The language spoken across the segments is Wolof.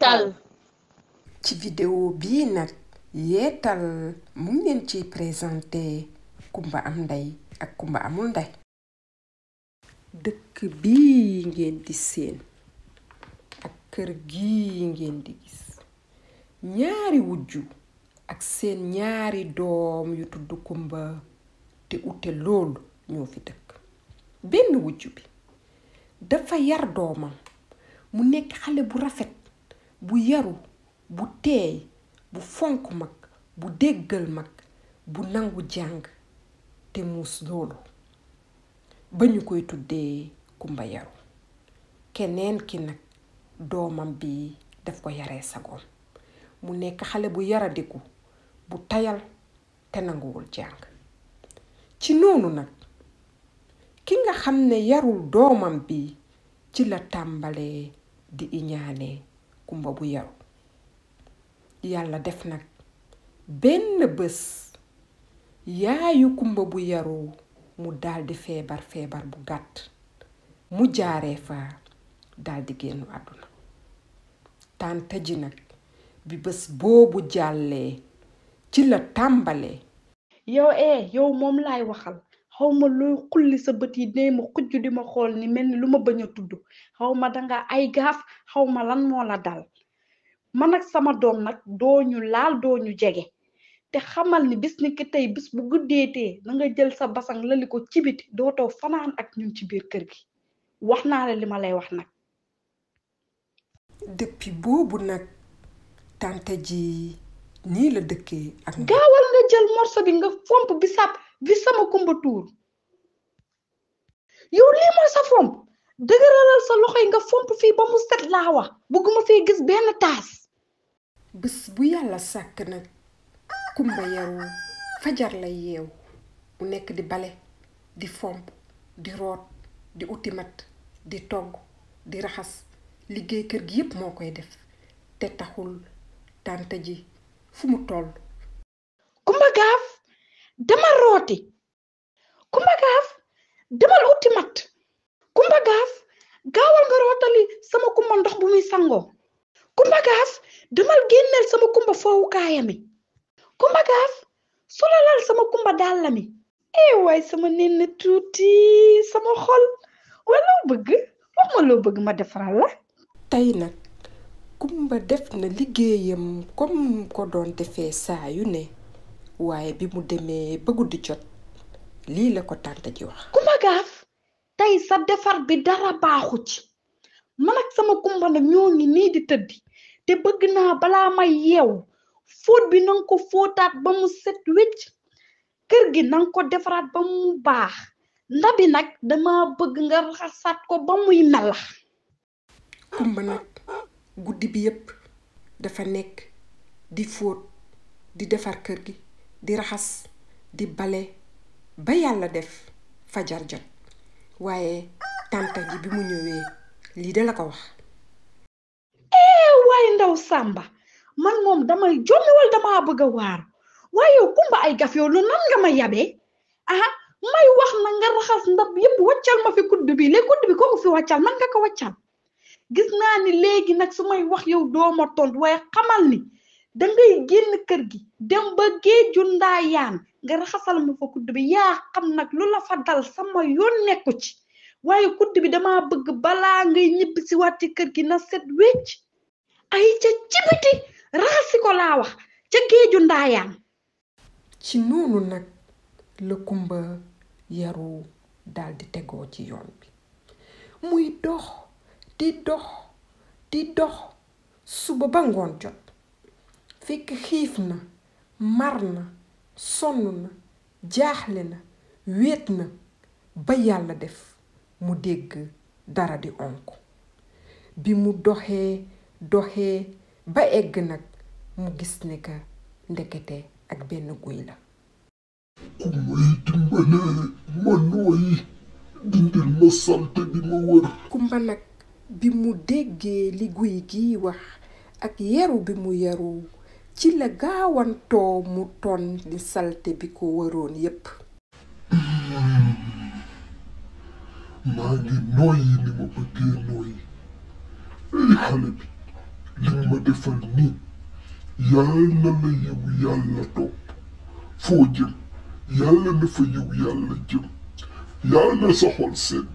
yeetal ci vidéo bii nag yeetal mu ngi leen ciy présenté kumba am ndey ak kumba amul ndey dëkk bii ngeen di seen ak kër gii ngeen di gis ñaari wujju ak seen ñaari doom yu tudd kumba te ute loolu ñoo fi dëkk benn wujju bi dafa yar doomam mu nekk xale bu rafet bu yaru bu teey bu fonk mag bu déggal mag bu nangu jàng te muus loolu ba ñu koy tuddee kumba yaru keneen ki nag doomam bi daf ko yaree sagoom mu nekk xale bu yaradiku bu tayal te nanguwul jàng ci noonu nag ki nga xam ne yarul doomam bi ci la tàmbalee di iñaane kumba bu yaru yàlla def nag benn bés yaayu kumba bu yaru mu daldi feebar feebar bu gàtt mu jaaree fa daldi génn àdduna tànta ji nag bi bés boobu jàllee ci la tàmbalee yow eh yow moom lay waxal xaw ma looy xulli sa bët yi dee ma xujj di ma xool ni mel ni lu ma bañ a tudd xaw ma danga ay gaaf xaw ma lan moo la dal man ak sama doom nag doo ñu laal doo ñu jege te xamal ni bis ni ki tey bis bu guddeetee na nga jël sa basang lali ko ci biti dootoo fanaan ak ñun ci biir kër gi wax naa la li ma lay wax nag. depuis boobu nag tante ji nii la dëkkee ak. gaawal nga jël morso bi nga fomp bisaab bi sama kumba tuur yow lii mooy sa fomp dëgëralal sa loxo yi nga fomp fii ba mu set laa wax bëgguma fee gis benn taas bu yàlla sàkk nag kumba yaru fajar la yeew mu nekk di bale di fomp di root di uti mat di togg di raxas liggéey kër gi yépp moo koy def te taxul tànta ji fu mu toll kumba gaaf demal rooti kumba gaaf demal uti mat kumba gaaf gaawal nga rootali sama kumba ndox bu muy sangoo kumba gaaf demal génneel sama kumba foowukaayami kumba gaaf solalal sama kumba dàllami eh waay sama nenn tuuti sama xol wala bëgg wax ma loo bëgg ma defaral la tey nag kumba def na liggéeyam comme ko doon defee saa ne waaye bi mu demee ba guddi jot lii la ko tànta ji wax ku gaaf tey sa defar bi dara baaxu ci man ak sama kumbana ñoo ngi nii di tëddi te bëgg naa balaa may yeewu fóot bi nanga ko fóotaat ba mu set wecc kër gi nanga ko defaraat ba mu baax ndabi nag dama bëgg nga raxasaat ko ba muy melax kumba nag guddi bi yépp dafa nekk di fóot di defar kër gi di raxas di bale ba yàlla def fajar jot waaye tànta bi mu ñëwee lii da la ko wax ee eh, waaye ndaw sàmba man moom damay jommi wal bëgg a waar waaye yow kumba ay gaf yow lu nan nga ma yabee ah may wax na nga raxas ndab yëpp wàccal ma fi kudd bi léegi kudd bi ko mu fi wàccal man nga ko wàccal gis naa ni léegi nag su may wax yow doo ma waaye xamal ni da ngay génn kër gi dem ba géeju ndaayaan nga raxasal ma fa kudd bi yaa xam nag lu la fa dal sama yoon nekku ci waaye kudd bi dama bëgg balaa ngay ñibbi si ci kër gi na set wecc ay ca ci raxasi ko laa wax ca géeju ndaayaan ci noonu nag la kumba yaru daldi tegoo ci yoon bi muy dox di dox di dox suba ba ngoon jot fekk xiif na mar na sonn na jaaxle na wéet na ba yàlla def mu dégg dara di onk bi mu doxee doxee ba egg nag mu gis ne ka ndekete ak benn guy la bi kumba nag bi mu déggee li guy gi wax ak yaru bi mu yaru ci la gaawantoo mu ton di salte bi ko waroon yépp maa ngi nooyi ni ma bëggee nooyi ay xale bi li ma defal nii yàlla na la yiw yàlla topp foo jëm yàlla na fa yiw yàlla jëm yàlla na sedd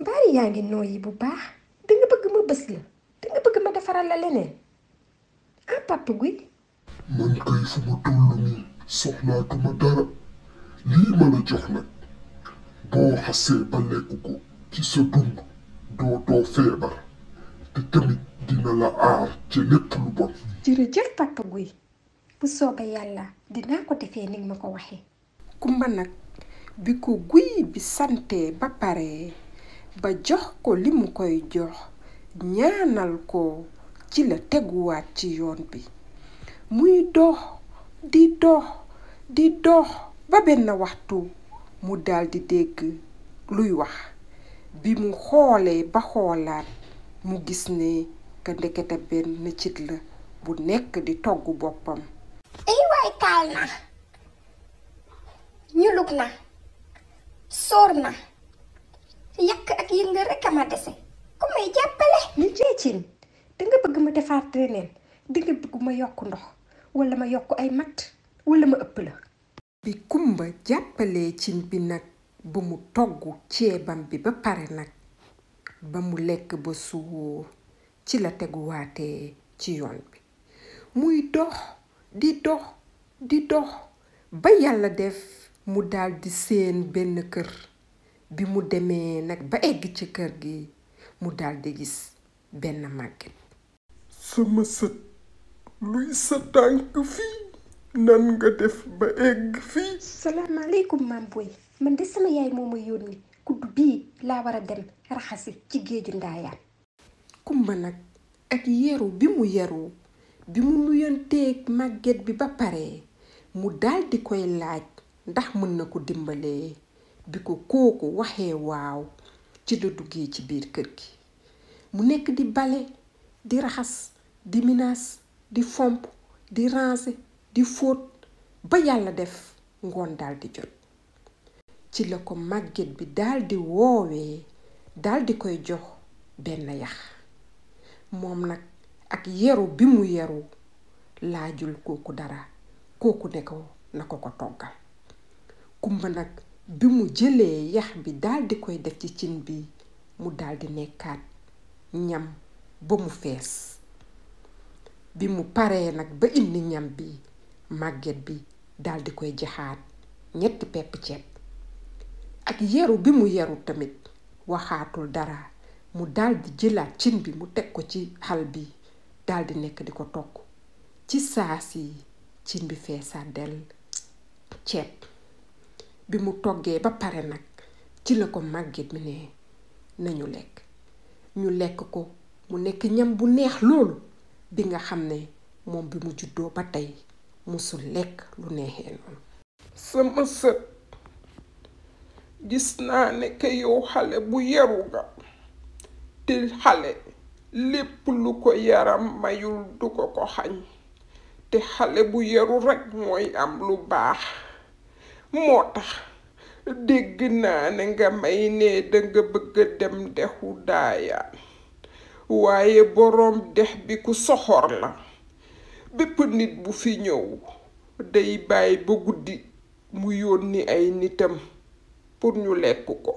mbaari yaa ngi nooyi bu baax danga bëgg ma bës la danga bëgg ma defaral la leneen ah papa guy man kay fu ma toll nii soxlaatuma dara lii ma la jox nag boo xasee ba lekk ko ci sa dund dootoo feebar te tamit dina la aar ci lépp lu bon. jërëjëf papa guy bu soobee yàlla dinaa ko defee ni ma ko waxee. kumba nag bi ko guy bi sante ba pare ba jox ko li mu koy jox ñaanal ko ci la teguwaat ci yoon bi. muy dox di dox di dox ba benn waxtu mu daldi dégg luy wax bi mu xoolee ba xoolaat mu gis ne ka ndekete benn cit la bu nekk di togg boppam ay waay taal na ñulug na sóor na yàq ak yënga rekk a ma dese ku may jàppale ni ceecin danga bëgg ma defaat reneen danga bëgg ma yokk ndox wala ma yokk ay matt wala ma ëpp la bi kumba jàppalee cin bi nag ba mu togg ceebam bi ba pare nag ba mu lekk ba suur ci la teguwaatee ci yoon bi muy dox di dox di dox ba yàlla def mu daldi seen benn kër bi mu demee nag ba egg ci kër gi mu daldi gis benn màgget sama sët luy sa tànk fii nan nga def ba egg fii salaamaaleykum maam booy man de sama yaay moo ma yónni kudd bii laa war a dem raxasi ci géeju ndaayaan kumba nag ak yeru bi mu yeru bi mu nuyanteeg màgget bi ba pare mu daldi koy laaj ndax mën na ko dimbalee bi ko kooku waxee waaw ci la duggee ci biir kër gi mu nekk di bale di raxas di minaas di fomp di ranger di fóot ba yàlla def ngoon daldi jot ci la ko màgget bi daldi di woowee dal koy jox benn yax moom nag ak yeru bi mu yeru laajul kooku dara kooku ne ko na ko ko toggal kumba nag bi mu jëlee yax bi daldi koy def ci cin bi mu daldi nekkaat ñam ba mu fees bi mu paree nag ba indi ñam bi màgget bi daal di koy jaxaat ñetti pepp ceeb ak yeru bi mu yeru tamit waxaatul dara mu daldi jëlaat cin bi mu teg ko ci xal bi daal nekk di ko togg ci saas yi cin bi feesaat del ceeb bi mu toggee ba pare nag ci la ko màgget bi ne nañu lekk ñu lekk ko mu nekk ñam bu neex loolu bi nga xam ne moom bi mu juddoo ba tey musul lekk lu neexee noonu sama sët gis naa ne ke yow xale bu yaru nga te xale lépp lu ko yaram mayul du ko ko xañ te xale bu yaru rekk mooy am lu baax moo tax dégg naa ne nga may ne danga bëgg a dem dexu daayaan waaye boroom dex bi ku soxor la bépp nit bu fi ñëw day bàyyi ba guddi mu yónni ay nitam pour ñu lekk ko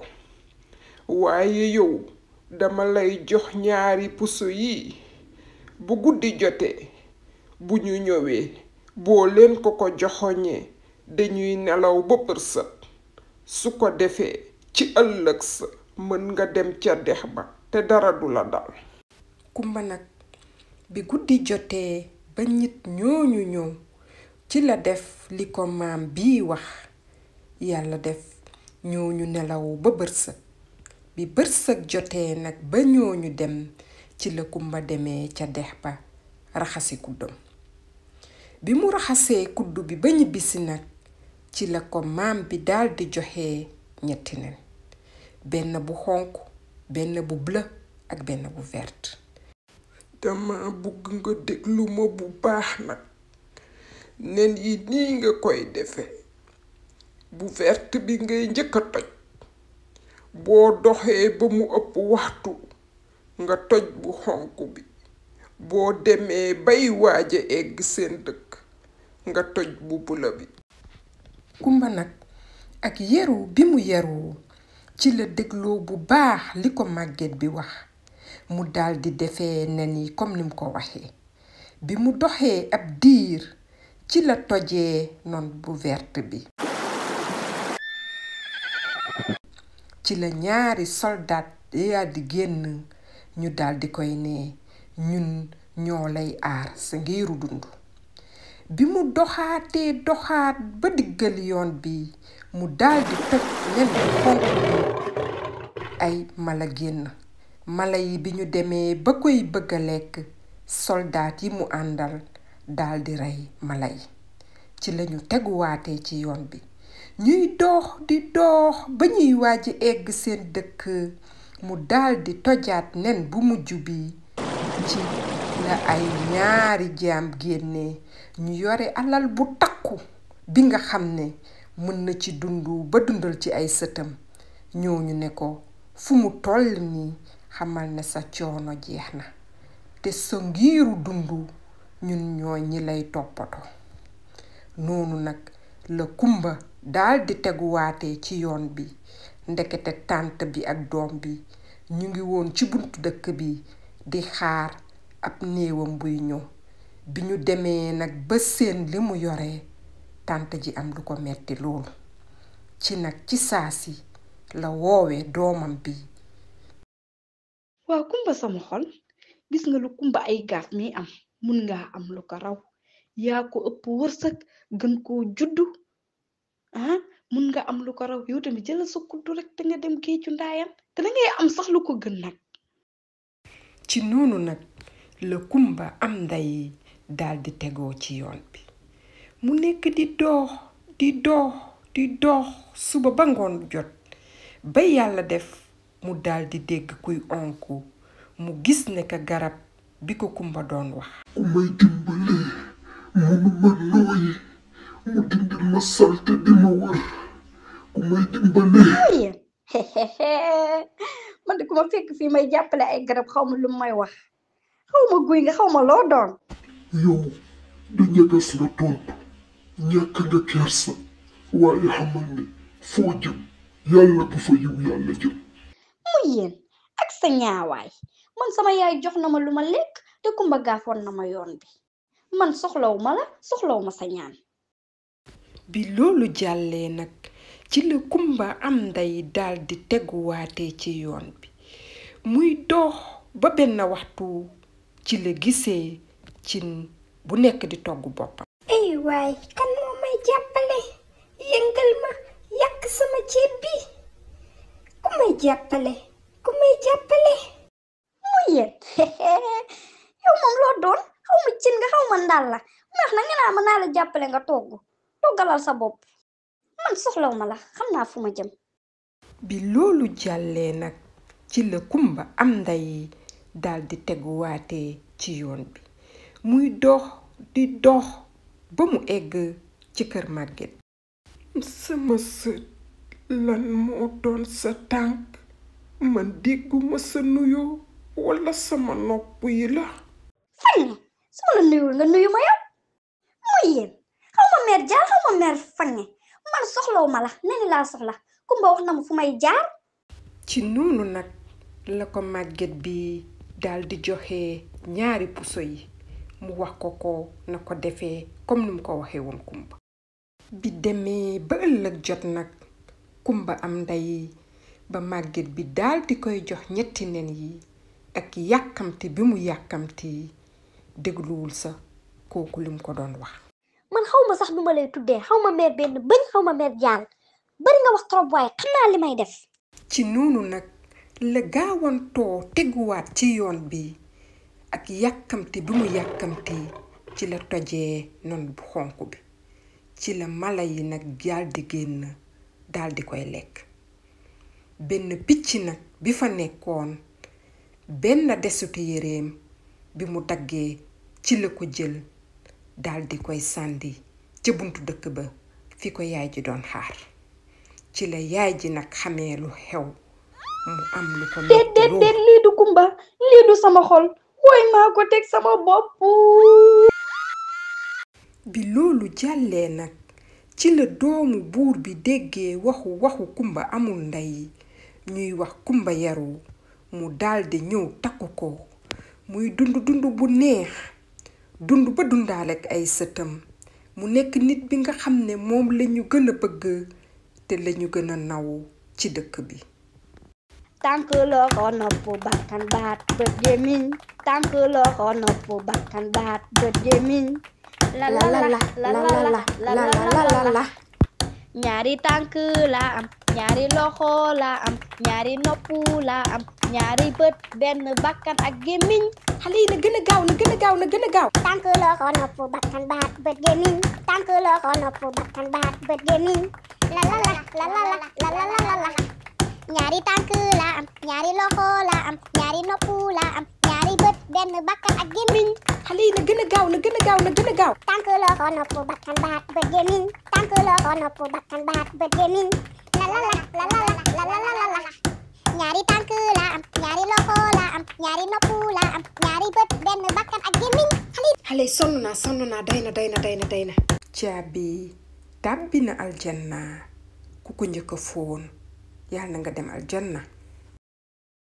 waaye yow dama lay jox ñaari puso yi bu guddi jotee bu ñu ñëwee boo leen ko ko joxoñee dañuy nelaw ba përsët su ko defee ci ëllëg sa mën nga dem ca dex ba te dara du la dal kumba nag bi guddi jotee ba nit ñooñu ñëw ci la def li ko maam bii wax yàlla def ñooñu nelaw ba bërsëg bi bërsëg jotee nag ba ñooñu dem ci la kumba demee ca dex ba raxasi kuddam bi mu raxasee kuddu bi ba ñibbisi nag ci la ko maam bi daldi joxe ñetti nen benn bu xonq benn bu bleu ak benn bu verte dama bugg nga déglu bu baax nag nen yi nii nga koy defe bu verte bi ngay jëkka toj boo doxee ba mu ëpp waxtu nga toj bu xonq bi boo demee bay waaja egg seen dëkk nga toj bu bula bi kumba nag ak yeru bi mu yeru ci la dégloo bu baax li ko màgget bi wax mu daldi defee nen yi comme ni ko waxee bi mu doxee ab diir ci la tojee non bu wert bi ci la ñaari soldat di génn ñu daldi koy nee ñun ñoo lay aar sa ngiiru dund bi mu doxaatee doxaat ba diggal yoon bi mu daldi toj nen bu xonq ay mala génn mala yi bi ñu demee ba koy bëgg a lekk soldaat yi mu àndal daldi rey mala yi ci lañu teguwaatee ci yoon bi ñuy doox di doox ba ñuy waaji egg seen dëkk mu daldi tojaat nen bu mujj bi ci la ay ñaari jaam génne ñu yore alal bu takku bi nga xam ne mën na ci dund ba dundal ci ay sëtam ñooñu ne ko fu mu toll nii xamal ne sa coono jeex na te sa ngiiru dund ñun ñoo ñi lay toppatoo noonu nag la kumba daldi teguwaate ci yoon bi ndekete tànt bi ak doom bi ñu ngi woon ci buntu dëkk bi di xaar ab néewam buy ñëw bi ñu demee nag ba seen li mu yoree tànt ji am lu ko metti loolu ci nag ci saa si la woowee doomam bi waaw kumba sama xol gis nga lu kumba ay gaaf mi am mun nga am lu ko raw yaa ko ëpp wërsëg gën koo juddu ah mun nga am lu ko raw yow tamit jëlal sa rek te nga dem géeju ndaayaan te da ngay am sax lu ko gën nag ci noonu nag la kumba am nday daal di tegoo ci yoon bi mu nekk di doox di doox di doox suba ba ngoon jot ba yàlla def mu daldi dégg kuy onku mu gis ne ka garab bi ko kumba doon wax ku may dimbalee munu ma nooyi mu dindil ma salte di ma wër ku may dimbalee man de ku fekk fii may jàppale ay garab xaw ma lu may wax xaw ma guy nga xaw ma loo doon yow du ñeges nga tontu ñàkk nga kersa waaye xamal ni foo jëm yàlla bu fa yiw yàlla jëm yéen ak sa ñaawaay man sama yaay jox na ma lu ma lekk te kumba gaafoon na ma yoon bi man soxlaw ma la soxlaw ma sa ñaan bi loolu jàllee nag ci la kumba am nday daldi teguwaatee ci yoon bi muy dox ba benn waxtu ci la gisee cin bu nekk di togg boppam ay waay kan moo may jàppale yëngal ma yàq sama ceeb bi ku may jàppale Como jàppale mu yéen yow moom loo doon xaw ma cin nga xaw ma ndaal la wax na nga naa naa la jàppale nga togg toggalal sa bopp man soxlaw ma la xam naa fu ma jëm bi loolu jàllee nag ci la kumba am nday daldi teguwaatee ci yoon bi muy dox di dox ba mu egg ci kër màgget sama sët lan moo doon sa tànk man dégguma sa nuyoo wala sama nopp yi la fan la su ma la nga nuyu ma yow mooy yéen xaw ma meer jaar xaw ma meer fange man soxlawu ma la neni laa soxla kumba wax na ma fu may jaar ci noonu nag la ko màgget bi daal di joxe ñaari puso yi mu wax ko ko na ko defee comme ni mu ko waxee woon kumba bi demee ba ëllëg jot nag kumba am ndey ba màgget bi daal di koy jox ñetti nen yi ak yàkkamti bi mu yàkkamti dégluwul sa kooku lim ko doon wax. man xaw ma sax nu ma lay tuddee xaw ma meer benn bëñ xaw ma meer jàll bari nga wax trop waaye xam naa li may def. ci noonu nag la gaawantoo teguwaat ci yoon bi ak yàkkamti bi mu yàkkamti ci la tojee non bu xonk bi ci la mala yi nag daal di génn daal di koy lekk. benn picc nag bi fa nekkoon benn desutu yéreem bi mu daggee ci la ko jël daldi koy sàndi ca buntu dëkk ba fi ko yaay ji doon xaar ci la yaay ji nag xamee lu xew mu am lu ko déet du kumba lii du sama xol woy maa ko teg sama bopp bi loolu jàllee nag ci la doomu buur bi déggee waxu waxu kumba amul ndey ñuy wax kumba yaru mu daldi ñëw takku ko muy dund dund bu neex dund ba dundaale ay sëtam mu nekk nit bi nga xam ne moom lañu gën a bëgg te lañu gën a naw ci dëkk bi tànk loxo nopp bakkan bakkan baat bët gémmiñ la la la la la la ñaari tànk la am ñaari loxo laa am ñaari nopp laa am ñaari bët benn bakkan a gaaw gémmiñ ñaari ñaari loxo laa ak gémmiñ xale yi na gën gaaw na gën gaaw na loxo nopp bakkan baat bët gémmiñ ñaari tànk la am ñaari loxo la am ñaari nopp la am ñaari bët benn bakkan ak gémmiñ xale xale sonn naa sonn naa day na day na day na day na caabi tàbbi na aljanna ku ko njëkk a yàlla nga dem aljanna